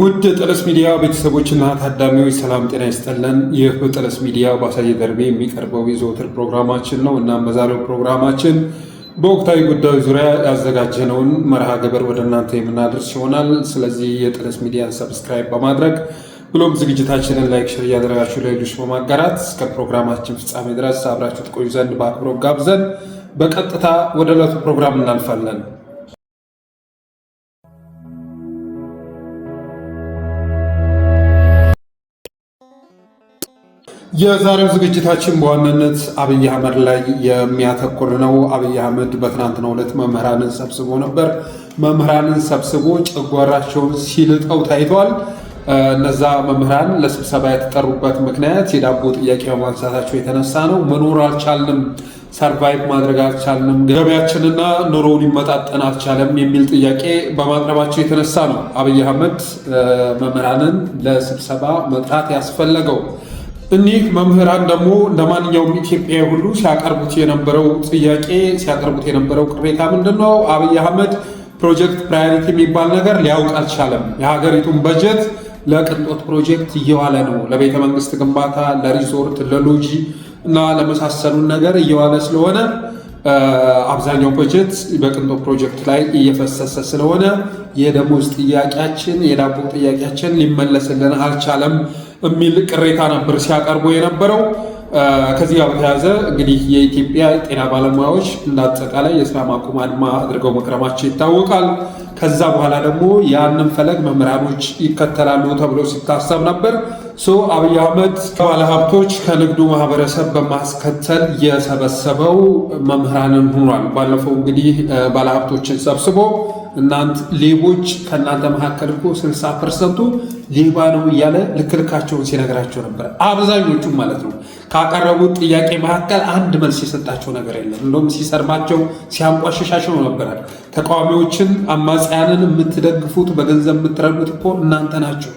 ውድ የጠለስ ሚዲያ ቤተሰቦችና ታዳሚዎች ሰላም ጤና ይስጠለን። ይህ በጠለስ ሚዲያ በአሳየ ደርቤ የሚቀርበው የዘወትር ፕሮግራማችን ነው። እናም በዛሬው ፕሮግራማችን በወቅታዊ ጉዳዮች ዙሪያ ያዘጋጀነውን መርሃ ግብር ወደ እናንተ የምናደርስ ይሆናል። ስለዚህ የጠለስ ሚዲያን ሰብስክራይብ በማድረግ ብሎም ዝግጅታችንን ላይክ፣ ሸር እያደረጋችሁ ለሌሎች በማጋራት እስከ ፕሮግራማችን ፍጻሜ ድረስ አብራችሁ ትቆዩ ዘንድ በአክብሮት ጋብዘን በቀጥታ ወደ ዕለቱ ፕሮግራም እናልፋለን። የዛሬው ዝግጅታችን በዋናነት አብይ አህመድ ላይ የሚያተኩር ነው። አብይ አህመድ በትናንትናው ዕለት መምህራንን ሰብስቦ ነበር። መምህራንን ሰብስቦ ጨጓራቸውን ሲልጠው ታይቷል። እነዛ መምህራን ለስብሰባ የተጠሩበት ምክንያት የዳቦ ጥያቄ በማንሳታቸው የተነሳ ነው። መኖር አልቻልንም፣ ሰርቫይቭ ማድረግ አልቻልንም፣ ገበያችንና ኑሮው ሊመጣጠን አልቻለም የሚል ጥያቄ በማቅረባቸው የተነሳ ነው አብይ አህመድ መምህራንን ለስብሰባ መጥራት ያስፈለገው። እኒህ መምህራን ደግሞ እንደ ማንኛውም ኢትዮጵያዊ ሁሉ ሲያቀርቡት የነበረው ጥያቄ ሲያቀርቡት የነበረው ቅሬታ ምንድን ነው? አብይ አህመድ ፕሮጀክት ፕራዮሪቲ የሚባል ነገር ሊያውቅ አልቻለም። የሀገሪቱን በጀት ለቅንጦት ፕሮጀክት እየዋለ ነው። ለቤተ መንግስት ግንባታ፣ ለሪዞርት፣ ለሎጂ እና ለመሳሰሉን ነገር እየዋለ ስለሆነ አብዛኛው በጀት በቅንጦት ፕሮጀክት ላይ እየፈሰሰ ስለሆነ የደሞዝ ጥያቄያችን፣ የዳቦ ጥያቄያችን ሊመለስልን አልቻለም የሚል ቅሬታ ነበር ሲያቀርቡ የነበረው። ከዚህ ጋር በተያያዘ እንግዲህ የኢትዮጵያ ጤና ባለሙያዎች እንዳጠቃላይ አጠቃላይ የስራ ማቆም አድማ አድርገው መቅረማቸው ይታወቃል። ከዛ በኋላ ደግሞ ያንን ፈለግ መምህራኖች ይከተላሉ ተብሎ ሲታሰብ ነበር። ሶ አብይ አህመድ ከባለ ሀብቶች ከንግዱ ማህበረሰብ በማስከተል የሰበሰበው መምህራንን ሆኗል። ባለፈው እንግዲህ ባለሀብቶችን ሰብስቦ እናንት ሌቦች ከእናንተ መካከል እኮ 60 ፐርሰንቱ ሌባ ነው እያለ ልክልካቸውን ሲነግራቸው ነበር። አብዛኞቹ ማለት ነው። ካቀረቡት ጥያቄ መካከል አንድ መልስ የሰጣቸው ነገር የለም። እንደውም ሲሰርማቸው ሲያንቋሸሻቸው ነበረ። ተቃዋሚዎችን፣ አማጽያንን የምትደግፉት በገንዘብ የምትረዱት እኮ እናንተ ናችሁ።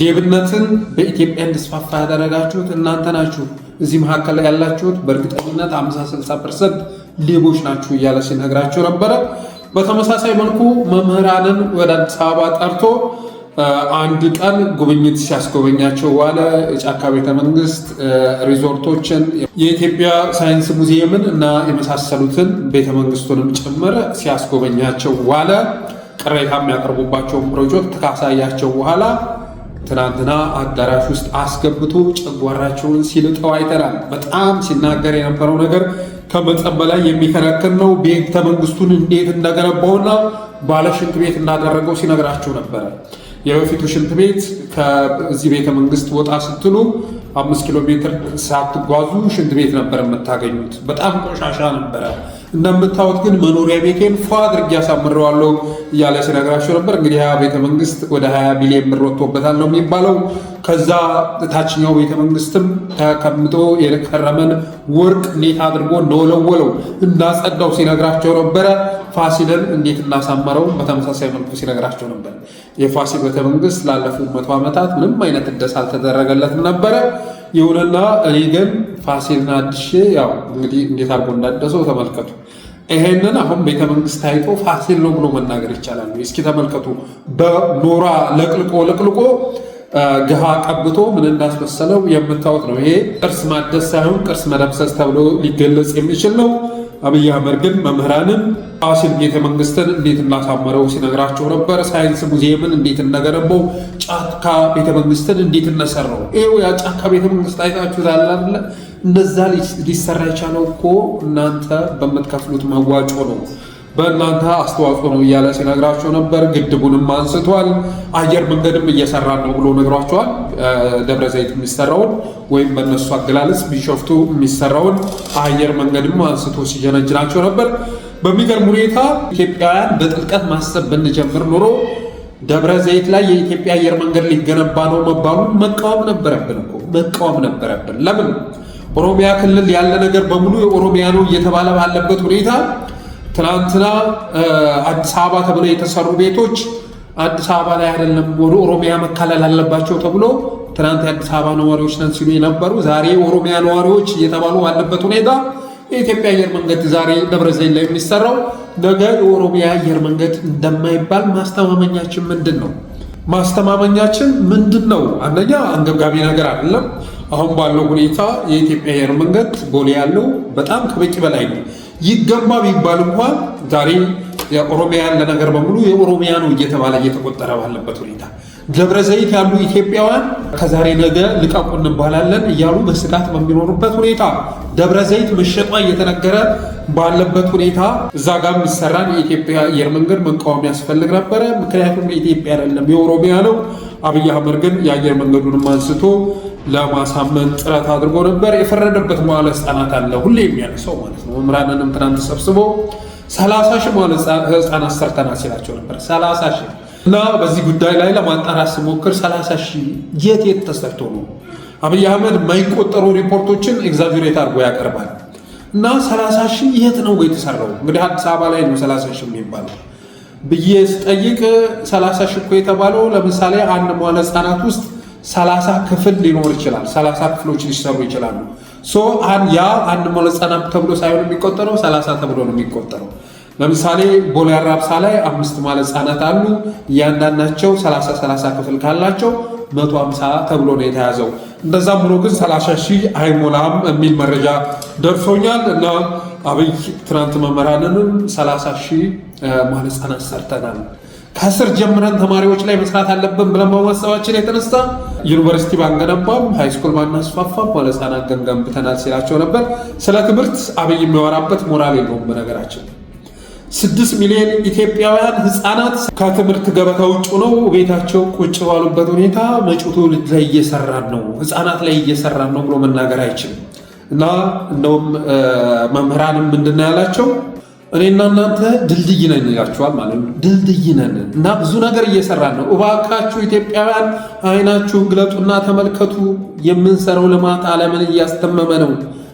ሌብነትን በኢትዮጵያ እንዲስፋፋ ያደረጋችሁት እናንተ ናችሁ። እዚህ መካከል ያላችሁት በእርግጠኝነት 50 60 ፐርሰንት ሌቦች ናችሁ እያለ ሲነግራቸው ነበረ። በተመሳሳይ መልኩ መምህራንን ወደ አዲስ አበባ ጠርቶ አንድ ቀን ጉብኝት ሲያስጎበኛቸው ዋለ። የጫካ ቤተ መንግስት፣ ሪዞርቶችን፣ የኢትዮጵያ ሳይንስ ሙዚየምን እና የመሳሰሉትን ቤተ መንግስቱንም ጭምር ሲያስጎበኛቸው ዋለ። ቅሬታ የሚያቀርቡባቸውን ፕሮጀክት ካሳያቸው በኋላ ትናንትና አዳራሽ ውስጥ አስገብቶ ጨጓራቸውን ሲልጠው አይተናል። በጣም ሲናገር የነበረው ነገር ከመጠን በላይ የሚከረክር ነው። ቤተ መንግስቱን እንዴት እንደገነባውና ባለ ሽንት ቤት እንዳደረገው ሲነግራቸው ነበረ። የበፊቱ ሽንት ቤት ከዚህ ቤተ መንግስት ወጣ ስትሉ አምስት ኪሎ ሜትር ሳትጓዙ ሽንት ቤት ነበር የምታገኙት። በጣም ቆሻሻ ነበረ። እንደምታዩት ግን መኖሪያ ቤቴን ፏ አድርጌ አሳምሬዋለሁ እያለ ሲነግራቸው ነበር። እንግዲህ ያ ቤተ መንግስት ወደ 20 ሚሊዮን ብር ወጥቶበታል ነው የሚባለው። ከዛ ታችኛው ቤተ መንግስትም ተቀምጦ የከረመን ወርቅ እንዴት አድርጎ እንደወለወለው እናጸዳው ሲነግራቸው ነበረ። ፋሲልን እንዴት እናሳመረው በተመሳሳይ መልኩ ሲነግራቸው ነበር። የፋሲል ቤተ መንግስት ላለፉት መቶ ዓመታት ምንም አይነት እደሳ አልተደረገለትም ነበረ። ይሁንና እኔ ግን ፋሲልን አድሼ ያው እንግዲህ እንዴት አድርጎ እንዳደሰው ተመልከቱ። ይሄንን አሁን ቤተ መንግስት ታይቶ ፋሲል ነው ብሎ መናገር ይቻላል። እስኪ ተመልከቱ። በኖራ ለቅልቆ ለቅልቆ ግሃ ቀብቶ ምን እንዳስመሰለው የምታዩት ነው። ይሄ ቅርስ ማደስ ሳይሆን ቅርስ መደምሰስ ተብሎ ሊገለጽ የሚችል ነው። አብይ አህመድ ግን መምህራንን ፋሲል ቤተ መንግስትን እንዴት እናሳመረው ሲነግራቸው ነበር። ሳይንስ ሙዚየምን እንዴት እንደገነባው፣ ጫካ ቤተ መንግስትን እንዴት እነሰራው ይኸው ያ ጫካ ቤተ መንግስት አይታችሁ ታላለ። እነዛ ሊሰራ የቻለው እኮ እናንተ በምትከፍሉት መዋጮ ነው። በእናንተ አስተዋጽኦ ነው እያለ ሲነግራቸው ነበር። ግድቡንም አንስቷል። አየር መንገድም እየሰራ ነው ብሎ ነግሯቸዋል። ደብረ ዘይት የሚሰራውን ወይም በእነሱ አገላለጽ ቢሾፍቱ የሚሰራውን አየር መንገድም አንስቶ ሲጀነጅናቸው ነበር። በሚገርም ሁኔታ ኢትዮጵያውያን በጥልቀት ማሰብ ብንጀምር ኖሮ ደብረ ዘይት ላይ የኢትዮጵያ አየር መንገድ ሊገነባ ነው መባሉን መቃወም ነበረብን እኮ መቃወም ነበረብን። ለምን ኦሮሚያ ክልል ያለ ነገር በሙሉ የኦሮሚያ ነው እየተባለ ባለበት ሁኔታ ትናንትና አዲስ አበባ ተብሎ የተሰሩ ቤቶች አዲስ አበባ ላይ አይደለም ወደ ኦሮሚያ መካለል አለባቸው ተብሎ ትናንት የአዲስ አበባ ነዋሪዎች ነን ሲሉ የነበሩ ዛሬ ኦሮሚያ ነዋሪዎች እየተባሉ ባለበት ሁኔታ የኢትዮጵያ አየር መንገድ ዛሬ ደብረ ዘይት ላይ የሚሰራው ነገ የኦሮሚያ አየር መንገድ እንደማይባል ማስተማመኛችን ምንድን ነው? ማስተማመኛችን ምንድን ነው? አንደኛ አንገብጋቢ ነገር አይደለም። አሁን ባለው ሁኔታ የኢትዮጵያ አየር መንገድ ቦሌ ያለው በጣም ከበቂ በላይ ነው። ይገባ ቢባል እንኳን ዛሬ የኦሮሚያ ያለ ነገር በሙሉ የኦሮሚያ ነው እየተባለ እየተቆጠረ ባለበት ሁኔታ ደብረ ዘይት ያሉ ኢትዮጵያውያን ከዛሬ ነገ ልቀቁ እንባላለን እያሉ በስጋት በሚኖሩበት ሁኔታ ደብረ ዘይት መሸጧ እየተነገረ ባለበት ሁኔታ እዛ ጋር የሚሰራን የኢትዮጵያ አየር መንገድ መቃወም ያስፈልግ ነበረ። ምክንያቱም የኢትዮጵያ አይደለም የኦሮሚያ ነው አብይ አህመድ ግን የአየር መንገዱንም አንስቶ ለማሳመን ጥረት አድርጎ ነበር። የፈረደበት መዋለ ህጻናት አለ ሁሌ የሚያነሳው ማለት ነው። መምህራንንም ትናንት ሰብስቦ ሰላሳ ሺህ መዋለ ህጻናት ሰርተናል ሲላቸው ነበር። ሰላሳ ሺህ እና በዚህ ጉዳይ ላይ ለማጣራት ስሞክር ሰላሳ ሺህ የት የት ተሰርቶ ነው? አብይ አህመድ የማይቆጠሩ ሪፖርቶችን ኤግዛጀሬት አድርጎ ያቀርባል እና ሰላሳ ሺህ የት ነው የተሰራው? እንግዲህ አዲስ አበባ ላይ ነው ሰላሳ ሺህ የሚባለው ብዬ ስጠይቅ 30 ሽኮ የተባለው ለምሳሌ አንድ መዋለ ህፃናት ውስጥ 30 ክፍል ሊኖር ይችላል። 30 ክፍሎች ሊሰሩ ይችላሉ። ያ አንድ መዋለ ተብሎ ሳይሆን የሚቆጠረው 30 ተብሎ ነው የሚቆጠረው። ለምሳሌ ቦሌ አራብሳ ላይ አምስት መዋለ አሉ። እያንዳንዳቸው 30 30 ክፍል ካላቸው 150 ተብሎ ነው የተያዘው። እንደዛም ሆኖ ግን 30 ሺህ አይሞላም የሚል መረጃ ደርሶኛል እና አብይ ትናንት መምህራንንም ሰላሳ ሺህ ማለት ህጻናት ሰርተናል። ከስር ጀምረን ተማሪዎች ላይ መስራት አለብን ብለን በማሰባችን የተነሳ ዩኒቨርሲቲ ባንገነባም ሃይስኩል ባናስፋፋም ወደ ህጻናት ግን ገንብተናል ሲላቸው ነበር። ስለ ትምህርት አብይ የሚያወራበት ሞራል የለውም። በነገራችን ስድስት ሚሊዮን ኢትዮጵያውያን ህፃናት ከትምህርት ገበታ ውጭ ነው። ቤታቸው ቁጭ ባሉበት ሁኔታ መጪው ትውልድ ላይ እየሰራን ነው፣ ህፃናት ላይ እየሰራን ነው ብሎ መናገር አይችልም። እና እንደውም መምህራንም ምንድን ነው ያላቸው እኔና እናንተ ድልድይ ነን ይላችኋል ማለት ነው። ድልድይ ነን እና ብዙ ነገር እየሰራን ነው። እባካችሁ ኢትዮጵያውያን አይናችሁን ግለጡና ተመልከቱ። የምንሰራው ልማት ዓለምን እያስተመመ ነው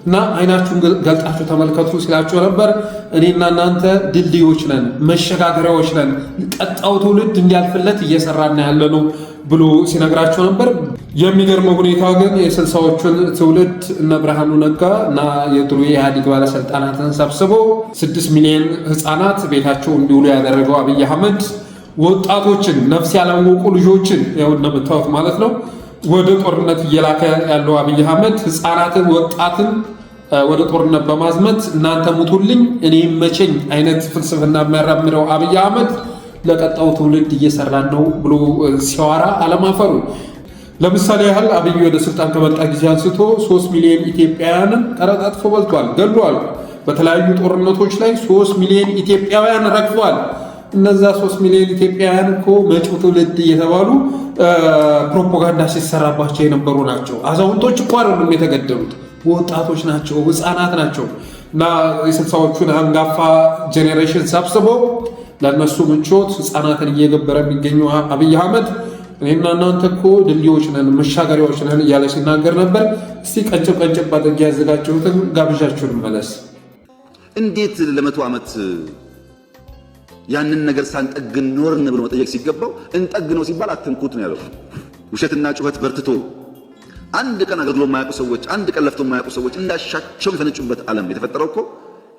እና አይናችሁን ገልጣችሁ ተመልከቱ ሲላቸው ነበር። እኔና እናንተ ድልድዮች ነን፣ መሸጋገሪያዎች ነን። ቀጣው ትውልድ እንዲያልፍለት እየሰራን ያለ ነው። ብሎ ሲነግራቸው ነበር። የሚገርመው ሁኔታ ግን የስልሳዎቹን ትውልድ እነ ብርሃኑ ነጋ እና የድሮ የኢህአዴግ ባለስልጣናትን ሰብስቦ ስድስት ሚሊዮን ህፃናት ቤታቸው እንዲውሉ ያደረገው አብይ አህመድ ወጣቶችን ነፍስ ያላወቁ ልጆችን ያው እንደምታወት ማለት ነው ወደ ጦርነት እየላከ ያለው አብይ አህመድ ህፃናትን፣ ወጣትን ወደ ጦርነት በማዝመት እናንተ ሙቱልኝ እኔ መቼኝ አይነት ፍልስፍና የሚያራምደው አብይ አህመድ ለቀጣው ትውልድ እየሰራን ነው ብሎ ሲያወራ አለማፈሩ። ለምሳሌ ያህል አብይ ወደ ስልጣን ከመጣ ጊዜ አንስቶ ሶስት ሚሊዮን ኢትዮጵያውያንን ቀረጥ በልቷል፣ ገሏል። በተለያዩ ጦርነቶች ላይ ሶስት ሚሊዮን ኢትዮጵያውያን ረግፏል። እነዛ ሶስት ሚሊዮን ኢትዮጵያውያን እኮ መጪው ትውልድ እየተባሉ ፕሮፓጋንዳ ሲሰራባቸው የነበሩ ናቸው። አዛውንቶች እኮ አይደሉም የተገደሉት፣ ወጣቶች ናቸው፣ ህፃናት ናቸው። እና የስልሳዎቹን አንጋፋ ጄኔሬሽን ሰብስበው። ለእነሱ ምቾት ህፃናትን እየገበረ የሚገኘው አብይ አህመድ እኔና እናንተ እኮ ድልድዮች ነን፣ መሻገሪያዎች ነን እያለ ሲናገር ነበር። እስቲ ቀንጭብ ቀንጭብ አድርጌ ያዘጋጀሁትን ጋብዣችሁን መለስ። እንዴት ለመቶ ዓመት ያንን ነገር ሳንጠግን ኖርን ብሎ መጠየቅ ሲገባው እንጠግነው ሲባል አትንኩት ነው ያለው። ውሸትና ጩኸት በርትቶ አንድ ቀን አገልግሎ የማያውቁ ሰዎች፣ አንድ ቀን ለፍቶ የማያውቁ ሰዎች እንዳሻቸው የተነጩበት ዓለም የተፈጠረው እኮ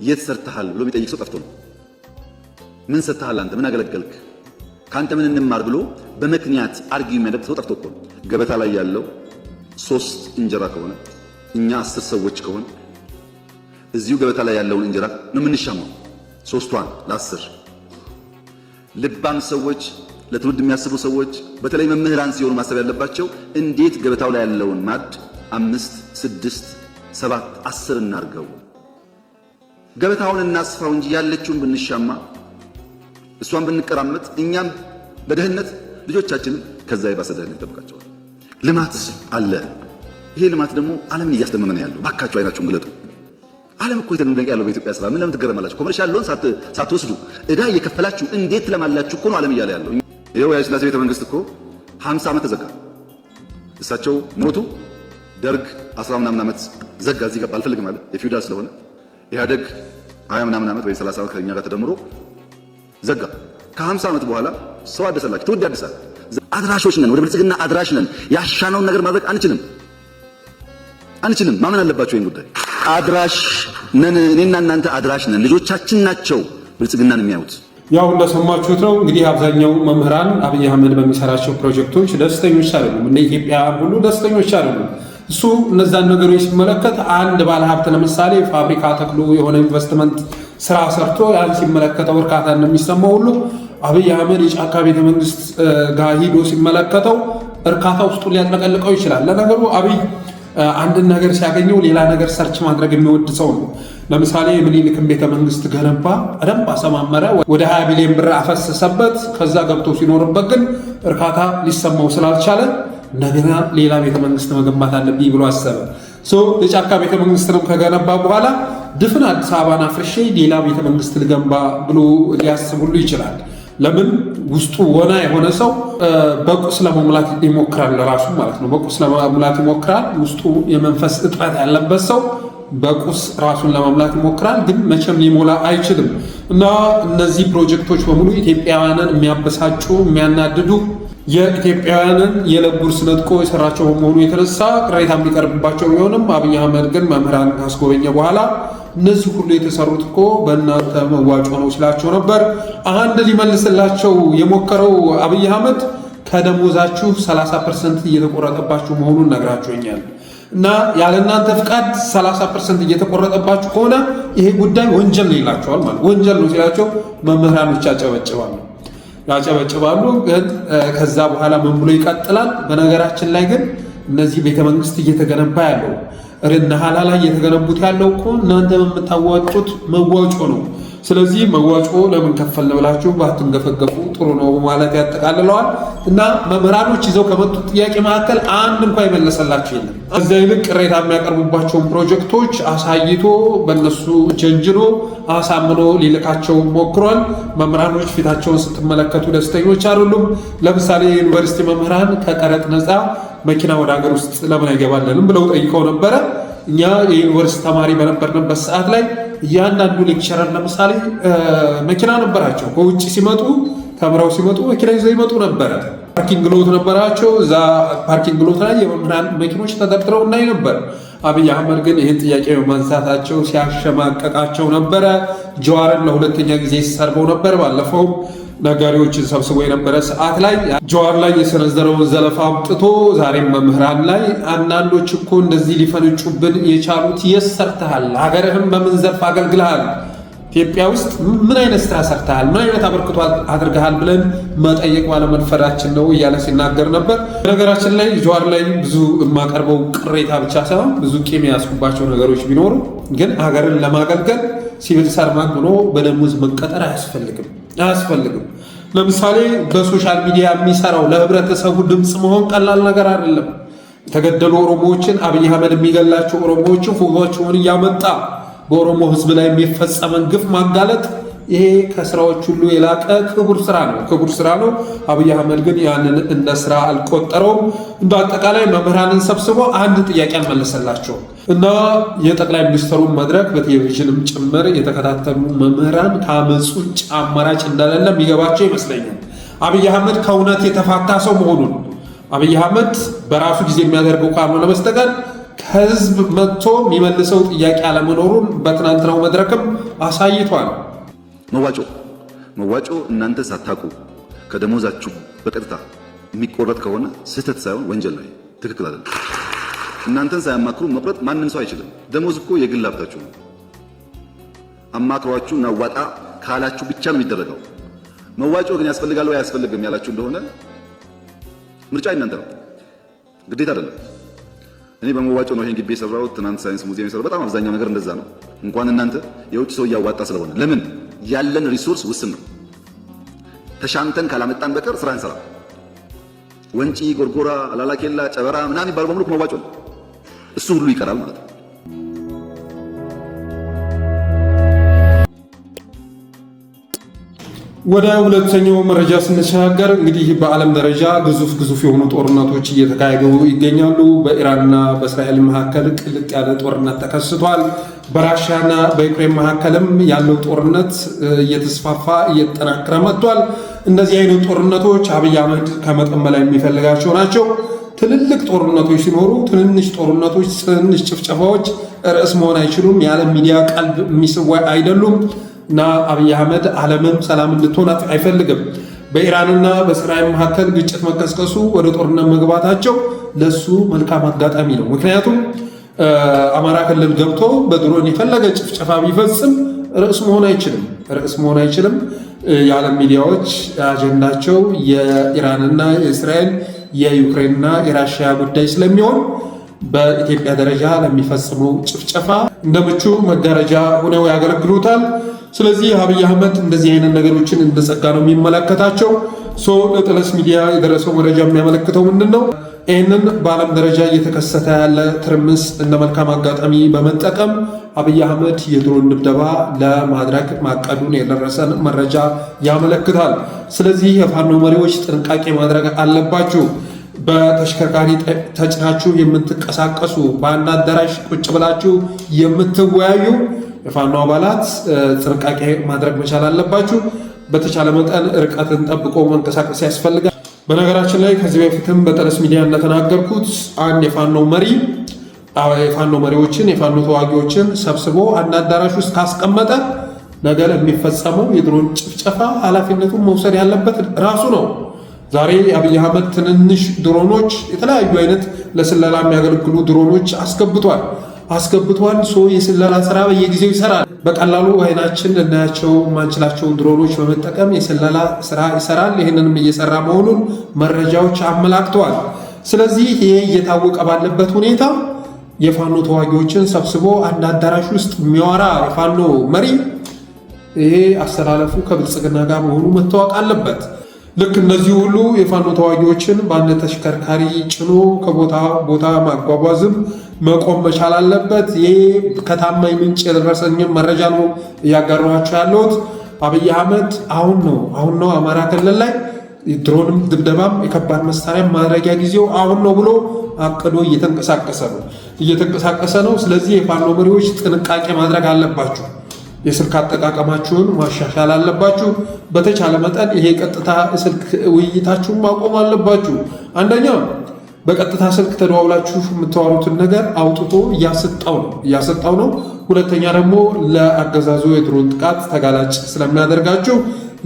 የት ሰርተሃል ብሎ የሚጠይቅ ሰው ጠፍቶ ነው። ምን ሰጥተሃል? አንተ ምን አገለገልክ? ከአንተ ምን እንማር ብሎ በምክንያት አርጊ የሚያደርግ ሰው ጠፍቶ እኮ ገበታ ላይ ያለው ሶስት እንጀራ ከሆነ እኛ አስር ሰዎች ከሆነ እዚሁ ገበታ ላይ ያለውን እንጀራ ነው የምንሻማው፣ ሶስቷን ለአስር ልባም ሰዎች ለትውልድ የሚያስቡ ሰዎች በተለይ መምህራን ሲሆኑ ማሰብ ያለባቸው እንዴት ገበታው ላይ ያለውን ማድ አምስት፣ ስድስት፣ ሰባት፣ አስር እናርገው፣ ገበታውን እናስፋው እንጂ ያለችውን ብንሻማ እሷን ብንቀራመጥ እኛም በድህነት ልጆቻችንም ከዛ የባሰ ድህነት ይጠብቃቸዋል። ልማት አለ። ይሄ ልማት ደግሞ ዓለምን እያስደመመ ነው ያለው ባካቸው አይናችሁን ግለጡ። ዓለም እኮ የተደነቀ ያለው በኢትዮጵያ ስራ ምን ለምን ትገረማላችሁ? ኮመርሻል ሎን ሳትወስዱ እዳ እየከፈላችሁ እንዴት ትለማላችሁ እኮ ነው ዓለም እያለ ያለው። ይኸው የስላሴ ቤተ መንግስት እኮ 50 ዓመት ተዘጋ። እሳቸው ሞቱ። ደርግ 10 ምናምን ዓመት ዘጋ። እዚህ ገባ አልፈልግም አለ የፊውዳል ስለሆነ ኢህአደግ 20 ምናምን ዓመት ወይ 30 ዓመት ከኛ ጋር ተደምሮ ዘጋ። ከ50 ዓመት በኋላ ሰው አደሰላችሁ፣ ትውልድ ያድሳል። አድራሾች ነን፣ ወደ ብልጽግና አድራሽ ነን። ያሻነውን ነገር ማድረግ አንችልም አንችልም። ማመን አለባችሁ ይሄን ጉዳይ አድራሽ ነን፣ እኔና እናንተ አድራሽ ነን። ልጆቻችን ናቸው ብልጽግናን የሚያዩት። ያው እንደሰማችሁት ነው እንግዲህ አብዛኛው መምህራን አብይ አህመድ በሚሰራቸው ፕሮጀክቶች ደስተኞች አይደሉም። እንደ ኢትዮጵያ ሁሉ ደስተኞች አይደሉም። እሱ እነዛን ነገሮች ሲመለከት አንድ ባለሀብት ለምሳሌ ፋብሪካ ተክሎ የሆነ ኢንቨስትመንት ስራ ሰርቶ ያን ሲመለከተው እርካታ እንደሚሰማው ሁሉ አብይ አህመድ የጫካ ቤተመንግስት መንግስት ጋር ሂዶ ሲመለከተው እርካታ ውስጡ ሊያጥለቀልቀው ይችላል። ለነገሩ አብይ አንድን ነገር ሲያገኘው ሌላ ነገር ሰርች ማድረግ የሚወድ ሰው ነው። ለምሳሌ የምኒልክን ቤተመንግስት ገነባ፣ በደንብ አሰማመረ፣ ወደ 20 ቢሊዮን ብር አፈሰሰበት። ከዛ ገብቶ ሲኖርበት ግን እርካታ ሊሰማው ስላልቻለ እንደገና ሌላ ቤተመንግስት መገንባት አለብኝ ብሎ አሰበ። የጫካ ቤተመንግስትንም ከገነባ በኋላ ድፍን አዲስ አበባን አፍርሼ ሌላ ቤተመንግስት ልገንባ ብሎ ሊያስብሉ ይችላል። ለምን ውስጡ ወና የሆነ ሰው በቁስ ለመሙላት ይሞክራል፣ ለራሱ ማለት ነው። በቁስ ለመሙላት ይሞክራል። ውስጡ የመንፈስ እጥረት ያለበት ሰው በቁስ ራሱን ለመሙላት ይሞክራል፣ ግን መቼም ሊሞላ አይችልም። እና እነዚህ ፕሮጀክቶች በሙሉ ኢትዮጵያውያንን የሚያበሳጩ የሚያናድዱ የኢትዮጵያውያንን የልብ ስነጥቆ ነጥቆ የሰራቸው በመሆኑ የተነሳ ቅሬታ የሚቀርብባቸው ቢሆንም አብይ አህመድ ግን መምህራን ካስጎበኘ በኋላ እነዚህ ሁሉ የተሰሩት እኮ በእናንተ መዋጮ ነው ሲላቸው ነበር። አንድ ሊመልስላቸው የሞከረው አብይ አህመድ ከደሞዛችሁ 30 ፐርሰንት እየተቆረጠባችሁ መሆኑን ነግራችሁኛል እና ያለ እናንተ ፍቃድ 30 ፐርሰንት እየተቆረጠባችሁ ከሆነ ይሄ ጉዳይ ወንጀል ነው ይላቸዋል። ማለት ወንጀል ነው ሲላቸው መምህራን ብቻ ጨበጭባሉ። ያጨበጭባሉ። ግን ከዛ በኋላ ምን ብሎ ይቀጥላል? በነገራችን ላይ ግን እነዚህ ቤተ መንግስት እየተገነባ ያለው ርናሃላ ላይ እየተገነቡት ያለው እኮ እናንተ የምታዋጩት መዋጮ ነው። ስለዚህ መዋጮ ለምን ከፈልን ብላችሁ ባትንገፈገፉ ጥሩ ነው በማለት ያጠቃልለዋል እና መምህራኖች ይዘው ከመጡት ጥያቄ መካከል አንድ እንኳ የመለሰላችሁ የለም። ከዚያ ይልቅ ቅሬታ የሚያቀርቡባቸውን ፕሮጀክቶች አሳይቶ በእነሱ ጀንጅኖ አሳምኖ ሊልካቸው ሞክሯል። መምህራኖች ፊታቸውን ስትመለከቱ ደስተኞች አይደሉም። ለምሳሌ የዩኒቨርሲቲ መምህራን ከቀረጥ ነፃ መኪና ወደ ሀገር ውስጥ ለምን አይገባለንም ብለው ጠይቀው ነበረ። እኛ የዩኒቨርሲቲ ተማሪ በነበርንበት ሰዓት ላይ እያንዳንዱ ሌክቸረር ለምሳሌ መኪና ነበራቸው። ከውጭ ሲመጡ ተምረው ሲመጡ መኪና ይዘው ይመጡ ነበረ። ፓርኪንግ ሎት ነበራቸው። እዛ ፓርኪንግ ሎት ላይ የመምህራን መኪኖች ተጠርጥረው እናይ ነበር። አብይ አህመድ ግን ይህን ጥያቄ በማንሳታቸው ሲያሸማቀቃቸው ነበረ። ጀዋርን ለሁለተኛ ጊዜ ሲሰርበው ነበር ባለፈው ነጋዴዎችን ሰብስቦ የነበረ ሰዓት ላይ ጀዋር ላይ የሰነዘረውን ዘለፋ አምጥቶ ዛሬም መምህራን ላይ አንዳንዶች እኮ እንደዚህ ሊፈንጩብን የቻሉት የት ሰርተሃል፣ ሀገርህም በምን ዘርፍ አገልግልሃል ኢትዮጵያ ውስጥ ምን አይነት ስራ ሰርተሃል? ምን አይነት አበርክቶ አድርገሃል? ብለን መጠየቅ ባለመድፈራችን ነው እያለ ሲናገር ነበር። በነገራችን ላይ ጀዋር ላይ ብዙ የማቀርበው ቅሬታ ብቻ ሳይሆን ብዙ ቂም ያስኩባቸው ነገሮች ቢኖሩ ግን ሀገርን ለማገልገል ሲቪል ሰርቫንት ሆኖ በደሞዝ መቀጠር አያስፈልግም። አያስፈልግም። ለምሳሌ በሶሻል ሚዲያ የሚሰራው ለህብረተሰቡ ድምፅ መሆን ቀላል ነገር አይደለም። የተገደሉ ኦሮሞዎችን አብይ አህመድ የሚገላቸው ኦሮሞዎችን ፎቶቸውን እያመጣ በኦሮሞ ህዝብ ላይ የሚፈጸመን ግፍ ማጋለጥ ይሄ ከስራዎች ሁሉ የላቀ ክቡር ስራ ነው፣ ክቡር ስራ ነው። አብይ አህመድ ግን ያንን እንደ ስራ አልቆጠረውም። እንደ አጠቃላይ መምህራንን ሰብስቦ አንድ ጥያቄ አልመለሰላቸውም እና የጠቅላይ ሚኒስትሩን መድረክ በቴሌቪዥንም ጭምር የተከታተሉ መምህራን ከአመፅ ውጭ አማራጭ እንደሌለ የሚገባቸው ይመስለኛል። አብይ አህመድ ከእውነት የተፋታ ሰው መሆኑን አብይ አህመድ በራሱ ጊዜ የሚያደርገው ካልሆነ በስተቀር ከህዝብ መጥቶ የሚመልሰው ጥያቄ አለመኖሩን በትናንትናው መድረክም አሳይቷል። መዋጮ መዋጮ እናንተ ሳታውቁ ከደሞዛችሁ በቀጥታ የሚቆረጥ ከሆነ ስህተት ሳይሆን ወንጀል ነው። ትክክል አይደለም። እናንተን ሳያማክሩ መቁረጥ ማንም ሰው አይችልም። ደሞዝ እኮ የግል ሀብታችሁ ነው። አማክሯችሁ ናዋጣ ካላችሁ ብቻ ነው የሚደረገው። መዋጮ ግን ያስፈልጋል ወይ አያስፈልግም ያላችሁ እንደሆነ ምርጫ እናንተ ነው፣ ግዴታ አይደለም። እኔ በመዋጮ ነው ይሄን ግቢ የሰራሁት፣ ትናንት ሳይንስ ሙዚየም የሰራሁት። በጣም አብዛኛው ነገር እንደዛ ነው። እንኳን እናንተ የውጭ ሰው እያዋጣ ስለሆነ ለምን ያለን ሪሶርስ ውስን ነው። ተሻምተን ካላመጣን በቀር ስራ እንሰራ። ወንጪ፣ ጎርጎራ፣ አላላኬላ፣ ጨበራ ምናምን ይባሉ በሙሉ መዋጮ ነው። እሱ ሁሉ ይቀራል ማለት ነው። ወደ ሁለተኛው መረጃ ስንሸጋገር እንግዲህ በዓለም ደረጃ ግዙፍ ግዙፍ የሆኑ ጦርነቶች እየተካሄዱ ይገኛሉ። በኢራንና በእስራኤል መካከል ቅልጥ ያለ ጦርነት ተከስቷል። በራሽያና በዩክሬን መካከልም ያለው ጦርነት እየተስፋፋ እየተጠናከረ መጥቷል። እነዚህ አይነት ጦርነቶች አብይ አህመድ ከመጠን በላይ የሚፈልጋቸው ናቸው። ትልልቅ ጦርነቶች ሲኖሩ ትንንሽ ጦርነቶች፣ ትንንሽ ጭፍጨፋዎች ርዕስ መሆን አይችሉም። የዓለም ሚዲያ ቀልብ የሚስቡ አይደሉም እና አብይ አህመድ ዓለምም ሰላም እንድትሆን አይፈልግም። በኢራንና በእስራኤል መካከል ግጭት መቀስቀሱ፣ ወደ ጦርነት መግባታቸው ለሱ መልካም አጋጣሚ ነው። ምክንያቱም አማራ ክልል ገብቶ በድሮን የፈለገ ጭፍጨፋ ቢፈጽም ርዕስ መሆን አይችልም። ርዕስ መሆን አይችልም። የዓለም ሚዲያዎች አጀንዳቸው የኢራንና የእስራኤል የዩክሬንና የራሽያ ጉዳይ ስለሚሆን በኢትዮጵያ ደረጃ ለሚፈጽመው ጭፍጨፋ እንደ ምቹ መጋረጃ ሆነው ያገለግሉታል። ስለዚህ አብይ አህመድ እንደዚህ አይነት ነገሮችን እንደጸጋ ነው የሚመለከታቸው። ሶ ለጠለስ ሚዲያ የደረሰው መረጃ የሚያመለክተው ምንድን ነው? ይህንን በዓለም ደረጃ እየተከሰተ ያለ ትርምስ እንደ መልካም አጋጣሚ በመጠቀም አብይ አህመድ የድሮን ድብደባ ለማድረግ ማቀዱን የደረሰን መረጃ ያመለክታል። ስለዚህ የፋኖ መሪዎች ጥንቃቄ ማድረግ አለባችሁ። በተሽከርካሪ ተጭናችሁ የምትንቀሳቀሱ፣ በአንድ አዳራሽ ቁጭ ብላችሁ የምትወያዩ የፋኖ አባላት ጥንቃቄ ማድረግ መቻል አለባችሁ። በተቻለ መጠን ርቀትን ጠብቆ መንቀሳቀስ ያስፈልጋል። በነገራችን ላይ ከዚህ በፊትም በጠለስ ሚዲያ እንደተናገርኩት አንድ የፋኖ መሪ የፋኖ መሪዎችን የፋኖ ተዋጊዎችን ሰብስቦ አንድ አዳራሽ ውስጥ ካስቀመጠ ነገር የሚፈጸመው የድሮን ጭፍጨፋ ኃላፊነቱን መውሰድ ያለበት ራሱ ነው። ዛሬ የአብይ አህመድ ትንንሽ ድሮኖች የተለያዩ አይነት ለስለላ የሚያገለግሉ ድሮኖች አስገብቷል። አስገብቷል። ሶ የስለላ ስራ በየጊዜው ይሰራል። በቀላሉ አይናችን ልናያቸው የማንችላቸውን ድሮኖች በመጠቀም የስለላ ስራ ይሰራል። ይህንንም እየሰራ መሆኑን መረጃዎች አመላክተዋል። ስለዚህ ይሄ እየታወቀ ባለበት ሁኔታ የፋኖ ተዋጊዎችን ሰብስቦ አንድ አዳራሽ ውስጥ የሚያወራ የፋኖ መሪ ይሄ አስተላለፉ ከብልጽግና ጋር መሆኑ መታወቅ አለበት። ልክ እነዚህ ሁሉ የፋኖ ተዋጊዎችን በአንድ ተሽከርካሪ ጭኖ ከቦታ ቦታ ማጓጓዝም መቆም መቻል አለበት። ይህ ከታማኝ ምንጭ የደረሰኝም መረጃ ነው እያጋሯቸው ያለሁት። አብይ አህመድ አሁን ነው አሁን ነው አማራ ክልል ላይ ድሮንም ድብደባም የከባድ መሳሪያ ማድረጊያ ጊዜው አሁን ነው ብሎ አቅዶ እየተንቀሳቀሰ ነው እየተንቀሳቀሰ ነው። ስለዚህ የፋኖ መሪዎች ጥንቃቄ ማድረግ አለባቸው። የስልክ አጠቃቀማችሁን ማሻሻል አለባችሁ። በተቻለ መጠን ይሄ ቀጥታ ስልክ ውይይታችሁን ማቆም አለባችሁ። አንደኛው በቀጥታ ስልክ ተደዋውላችሁ የምታወሩትን ነገር አውጥቶ እያሰጣው ነው እያሰጣው ነው። ሁለተኛ ደግሞ ለአገዛዙ የድሮን ጥቃት ተጋላጭ ስለሚያደርጋችሁ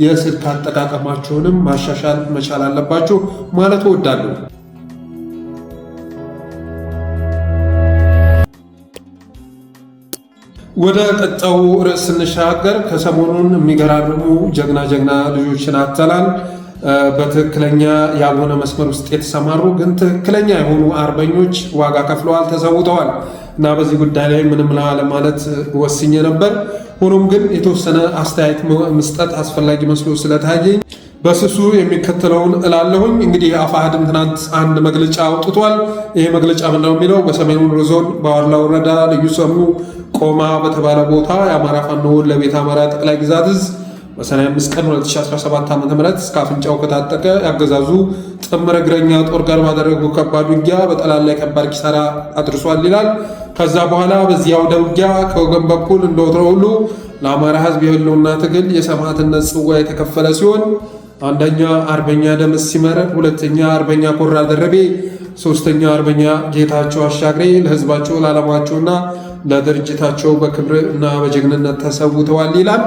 የስልክ አጠቃቀማችሁንም ማሻሻል መቻል አለባችሁ ማለት እወዳለሁ። ወደ ቀጣው ርዕስ ስንሻገር ከሰሞኑን የሚገራርሙ ጀግና ጀግና ልጆችን አተላል በትክክለኛ ያልሆነ መስመር ውስጥ የተሰማሩ ግን ትክክለኛ የሆኑ አርበኞች ዋጋ ከፍለዋል፣ ተሰውተዋል እና በዚህ ጉዳይ ላይ ምንም ለማለት ወስኜ ነበር። ሆኖም ግን የተወሰነ አስተያየት መስጠት አስፈላጊ መስሎ ስለታየኝ በስሱ የሚከተለውን እላለሁኝ። እንግዲህ አፋህድም ትናንት አንድ መግለጫ አውጥቷል። ይሄ መግለጫ ምንድነው የሚለው? በሰሜን ወሎ ዞን በዋርላ ወረዳ ልዩ ሰሙ ቆማ በተባለ ቦታ የአማራ ፋኖውን ለቤት አማራ ጠቅላይ ግዛት እዝ በሰኔ 5 ቀን 2017 ዓ.ም እስከ አፍንጫው ከታጠቀ ያገዛዙ ጥምር እግረኛ ጦር ጋር ባደረጉ ከባድ ውጊያ በጠላት ላይ ከባድ ኪሳራ አድርሷል ይላል። ከዛ በኋላ በዚህ አውደ ውጊያ ከወገን በኩል እንደወትሮ ሁሉ ለአማራ ሕዝብ የህልውና ትግል የሰማዕትነት ጽዋ የተከፈለ ሲሆን አንደኛ አርበኛ ደምስ ሲመር፣ ሁለተኛ አርበኛ ኮራ ደረቤ፣ ሶስተኛ አርበኛ ጌታቸው አሻግሬ ለህዝባቸው ለዓላማቸውና ለድርጅታቸው በክብር እና በጀግንነት ተሰውተዋል ይላል።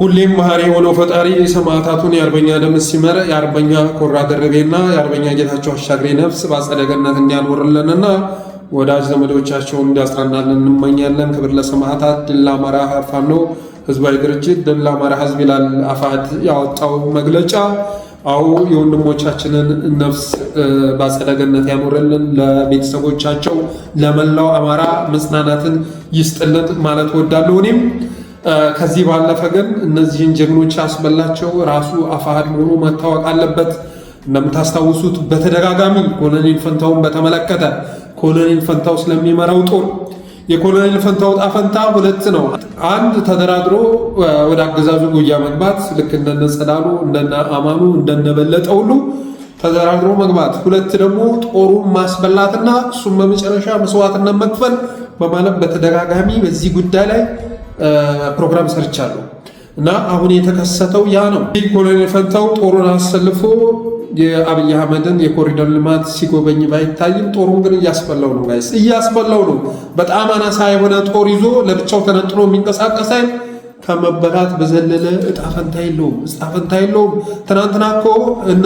ሁሌም መሐሪ የሆነው ፈጣሪ የሰማዕታቱን የአርበኛ ደምስ ሲመር የአርበኛ ኮራ ደርቤና የአርበኛ ጌታቸው አሻግሬ ነፍስ በአጸደ ገነት እንዲያኖርልንና ወዳጅ ዘመዶቻቸውን እንዲያጽናናልን እንመኛለን። ክብር ለሰማዕታት። ድል ለአማራ ፋኖ ህዝባዊ ድርጅት፣ ድል ህዝብ ይላል አፋሕድ ያወጣው መግለጫ። አዎ የወንድሞቻችንን ነፍስ በአጸደ ገነት ያኖረልን፣ ለቤተሰቦቻቸው ለመላው አማራ መጽናናትን ይስጥልን ማለት ወዳለሁ። እኔም ከዚህ ባለፈ ግን እነዚህን ጀግኖች ያስበላቸው ራሱ አፋሕድ መሆኑ መታወቅ አለበት። እንደምታስታውሱት በተደጋጋሚ ኮሎኔል ፈንታውን በተመለከተ ኮሎኔል ፈንታው ስለሚመራው ጦር የኮሎኔል ፈንታው ዕጣ ፈንታ ሁለት ነው። አንድ ተደራድሮ ወደ አገዛዙ ጉያ መግባት ልክ እንደነ ጸዳሉ፣ እንደነ አማኑ፣ እንደነ በለጠ ሁሉ ተደራድሮ መግባት፣ ሁለት ደግሞ ጦሩን ማስበላትና እሱም በመጨረሻ መስዋዕትነት መክፈል በማለት በተደጋጋሚ በዚህ ጉዳይ ላይ ፕሮግራም ሰርቻለሁ እና አሁን የተከሰተው ያ ነው። ኮሎኔል ፈንታው ጦሩን አሰልፎ የአብይ አህመድን የኮሪደር ልማት ሲጎበኝ ባይታይም ጦሩን ግን እያስበላው ነው፣ ጋይስ እያስበላው ነው። በጣም አናሳ የሆነ ጦር ይዞ ለብቻው ተነጥሎ የሚንቀሳቀስ ከመበላት በዘለለ እጣ ፈንታ የለውም፣ እጣ ፈንታ የለውም። ትናንትና እኮ እነ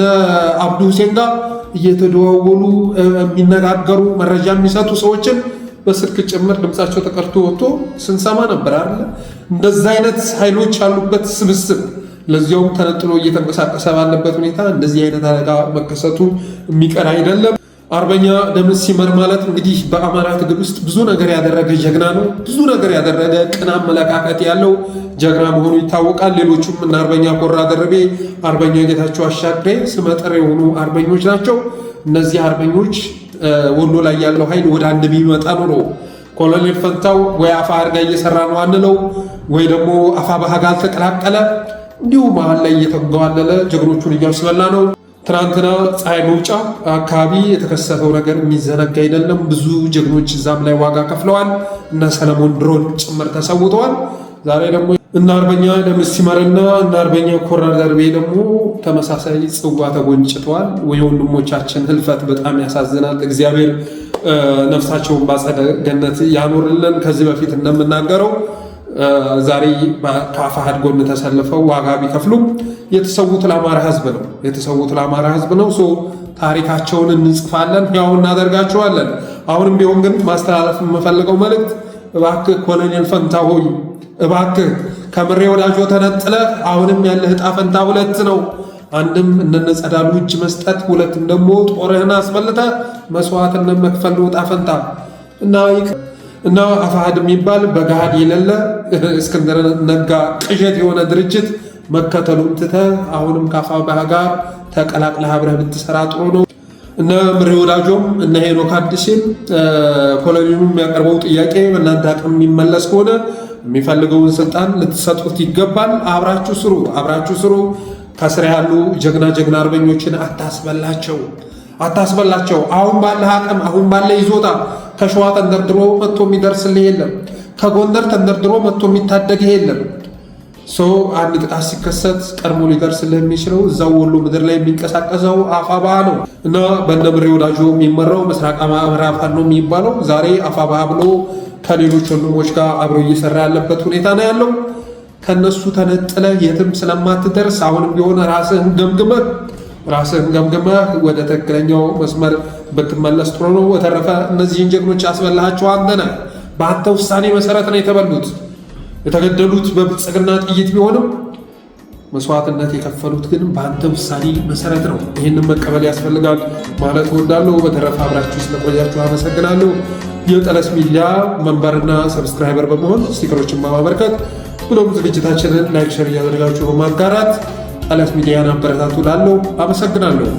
አብዱ ሁሴን ጋር እየተደዋወሉ የሚነጋገሩ መረጃ የሚሰጡ ሰዎችን በስልክ ጭምር ድምፃቸው ተቀርቶ ወጥቶ ስንሰማ ነበር አለ። እንደዛ አይነት ኃይሎች ያሉበት ስብስብ ለዚያውም ተነጥሎ እየተንቀሳቀሰ ባለበት ሁኔታ እንደዚህ አይነት አደጋ መከሰቱ የሚቀር አይደለም። አርበኛ ደምስ ሲመር ማለት እንግዲህ በአማራ ትግል ውስጥ ብዙ ነገር ያደረገ ጀግና ነው። ብዙ ነገር ያደረገ ቅን አመለካከት ያለው ጀግና መሆኑ ይታወቃል። ሌሎቹም እና አርበኛ ኮራ ደርቤ፣ አርበኛ ጌታቸው አሻግሬ ስመጥር የሆኑ አርበኞች ናቸው። እነዚህ አርበኞች ወሎ ላይ ያለው ኃይል ወደ አንድ ቢመጣ ኑሮ ኮሎኔል ፈንታው ወይ አፋ አድርጋ እየሰራ ነው አንለው ወይ ደግሞ አፋ ባህግ አልተቀላቀለ እንዲሁ መሀል ላይ እየተጓለለ ጀግኖቹን እያስበላ ነው። ትናንትና ፀሐይ መውጫ አካባቢ የተከሰተው ነገር የሚዘነጋ አይደለም። ብዙ ጀግኖች እዛም ላይ ዋጋ ከፍለዋል። እነ ሰለሞን ድሮን ጭምር ተሰውተዋል። ዛሬ ደግሞ እነ አርበኛ ደምስ ሲመርና እነ አርበኛ ኮራ ደርቤ ደግሞ ተመሳሳይ ጽዋ ተጎንጭተዋል። የወንድሞቻችን ህልፈት በጣም ያሳዝናል። እግዚአብሔር ነፍሳቸውን ባጸደ ገነት ያኖርልን። ከዚህ በፊት እንደምናገረው ዛሬ ከአፋሕድ ጎን ተሰልፈው ዋጋ ቢከፍሉም የተሰዉት ለአማራ ህዝብ ነው። የተሰዉት ለአማራ ህዝብ ነው። ታሪካቸውን እንጽፋለን፣ ያው እናደርጋቸዋለን። አሁንም ቢሆን ግን ማስተላለፍ የምፈልገው መልእክት እባክህ ኮሎኔል ፈንታ ሆይ እባክህ ከምሬ ወዳጆ ተነጥለህ አሁንም ያለህ ዕጣ ፈንታ ሁለት ነው። አንድም እነነጸዳሉ እጅ መስጠት፣ ሁለትም ደግሞ ጦርህን አስበልተህ መስዋዕትነት መክፈል ዕጣ ፈንታ እና ይቅር እና አፋሃድ የሚባል በገሃድ የሌለ እስክንድር ነጋ ቅዠት የሆነ ድርጅት መከተሉን ትተ አሁንም ከአፋብኃ ጋር ተቀላቅለህ አብረህ ብትሰራ ጥሩ ነው። እነ ምሬ ወዳጆም እነ ሄኖክ አዲሴም ኮሎኔሉ የሚያቀርበው ጥያቄ በእናንተ አቅም የሚመለስ ከሆነ የሚፈልገውን ስልጣን ልትሰጡት ይገባል። አብራችሁ ስሩ፣ አብራችሁ ስሩ። ከስር ያሉ ጀግና ጀግና አርበኞችን አታስበላቸው። አታስበላቸው። አሁን ባለ አቅም፣ አሁን ባለ ይዞታ ከሸዋ ተንደርድሮ መጥቶ የሚደርስልህ የለም። ከጎንደር ተንደርድሮ መጥቶ የሚታደግህ የለም። ሰው አንድ ጥቃት ሲከሰት ቀድሞ ሊደርስልህ የሚችለው እዛው ወሎ ምድር ላይ የሚንቀሳቀሰው አፋባ ነው እና በነምሬ ወዳጆ የሚመራው ምስራቅ አማራ ፋኖ ነው የሚባለው ዛሬ አፋባ ብሎ ከሌሎች ወንድሞች ጋር አብሮ እየሰራ ያለበት ሁኔታ ነው ያለው። ከነሱ ተነጥለ የትም ስለማትደርስ አሁንም ቢሆን ራስህን ገምግመህ ራስህን ገምግመህ ወደ ትክክለኛው መስመር ብትመለስ ጥሩ ነው። በተረፈ እነዚህን ጀግኖች ያስበላሃቸው አንተ ነህ። በአንተ ውሳኔ መሰረት ነው የተበሉት። የተገደሉት በብልጽግና ጥይት ቢሆንም መስዋዕትነት የከፈሉት ግን በአንተ ውሳኔ መሰረት ነው። ይህንን መቀበል ያስፈልጋል ማለት እወዳለሁ። በተረፈ አብራችሁ ስለቆያችሁ አመሰግናለሁ። የጠለስ ሚዲያ መንበርና ሰብስክራይበር በመሆን ስቲከሮችን በማበርከት ብሎም ዝግጅታችንን ላይክ፣ ሸር እያደረጋችሁ በማጋራት ጠለፍ ሚዲያን አበረታቱ ላለው አመሰግናለሁ።